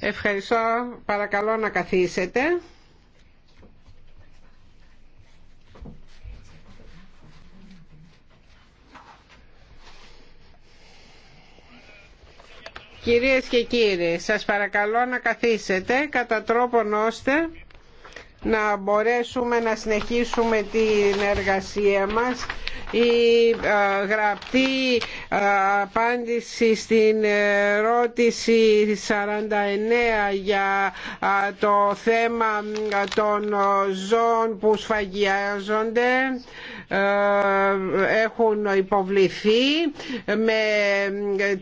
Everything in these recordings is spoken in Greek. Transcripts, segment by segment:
Ευχαριστώ. Παρακαλώ να καθίσετε. Κυρίες και κύριοι, σας παρακαλώ να καθίσετε κατά τρόπον ώστε να μπορέσουμε να συνεχίσουμε την εργασία μας η γραπτή απάντηση στην ερώτηση 49 για το θέμα των ζώων που σφαγιάζονται έχουν υποβληθεί με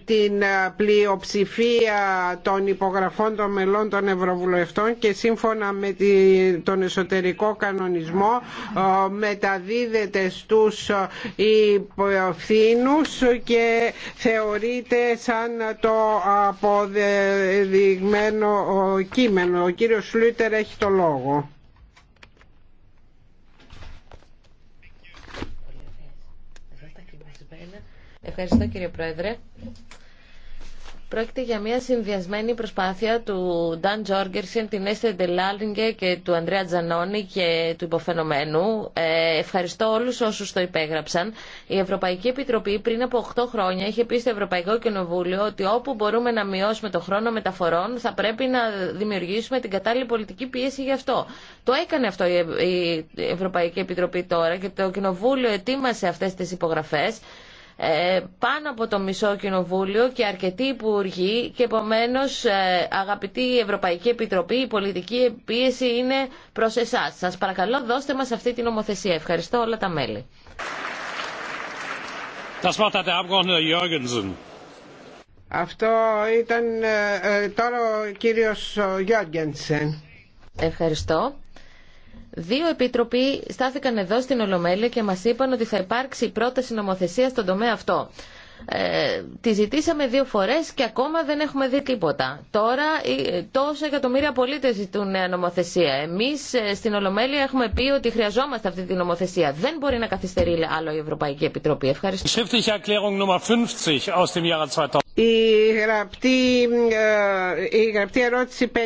την πλειοψηφία των υπογραφών των μελών των Ευρωβουλευτών και σύμφωνα με τον εσωτερικό κανονισμό μεταδίδεται στους υπευθύνους και θεωρείται σαν το αποδεδειγμένο κείμενο. Ο κύριος Σλούτερ έχει το λόγο. Ευχαριστώ κύριε Πρόεδρε. Πρόκειται για μια συνδυασμένη προσπάθεια του Νταν Τζόργκερσεν, την Έστε Ντελάλινγκε και του Ανδρέα Τζανόνι και του υποφαινομένου. Ε, ευχαριστώ όλου όσου το υπέγραψαν. Η Ευρωπαϊκή Επιτροπή πριν από 8 χρόνια είχε πει στο Ευρωπαϊκό Κοινοβούλιο ότι όπου μπορούμε να μειώσουμε το χρόνο μεταφορών θα πρέπει να δημιουργήσουμε την κατάλληλη πολιτική πίεση γι' αυτό. Το έκανε αυτό η Ευρωπαϊκή Επιτροπή τώρα και το Κοινοβούλιο ετοίμασε αυτέ τι υπογραφέ. Ε, πάνω από το μισό κοινοβούλιο και αρκετοί υπουργοί και επομένως ε, αγαπητή Ευρωπαϊκή Επιτροπή η πολιτική πίεση είναι προς εσάς. Σας παρακαλώ δώστε μας αυτή την νομοθεσία. Ευχαριστώ όλα τα μέλη. Αυτό ήταν ε, τώρα ο κύριος Γιώργενσεν. Ευχαριστώ. Δύο επίτροποι στάθηκαν εδώ στην Ολομέλεια και μας είπαν ότι θα υπάρξει πρόταση νομοθεσία στον τομέα αυτό. Ε, τη ζητήσαμε δύο φορές και ακόμα δεν έχουμε δει τίποτα. Τώρα ε, τόσα εκατομμύρια πολίτες ζητούν νέα νομοθεσία. Εμείς ε, στην Ολομέλεια έχουμε πει ότι χρειαζόμαστε αυτή τη νομοθεσία. Δεν μπορεί να καθυστερεί άλλο η Ευρωπαϊκή Επιτροπή. Ευχαριστώ η γραπτή, ε, η γραπτή ερώτηση 50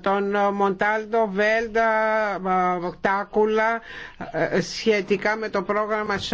των Μοντάλτο Βέλτα ε, Τάκουλα ε, σχετικά με το πρόγραμμα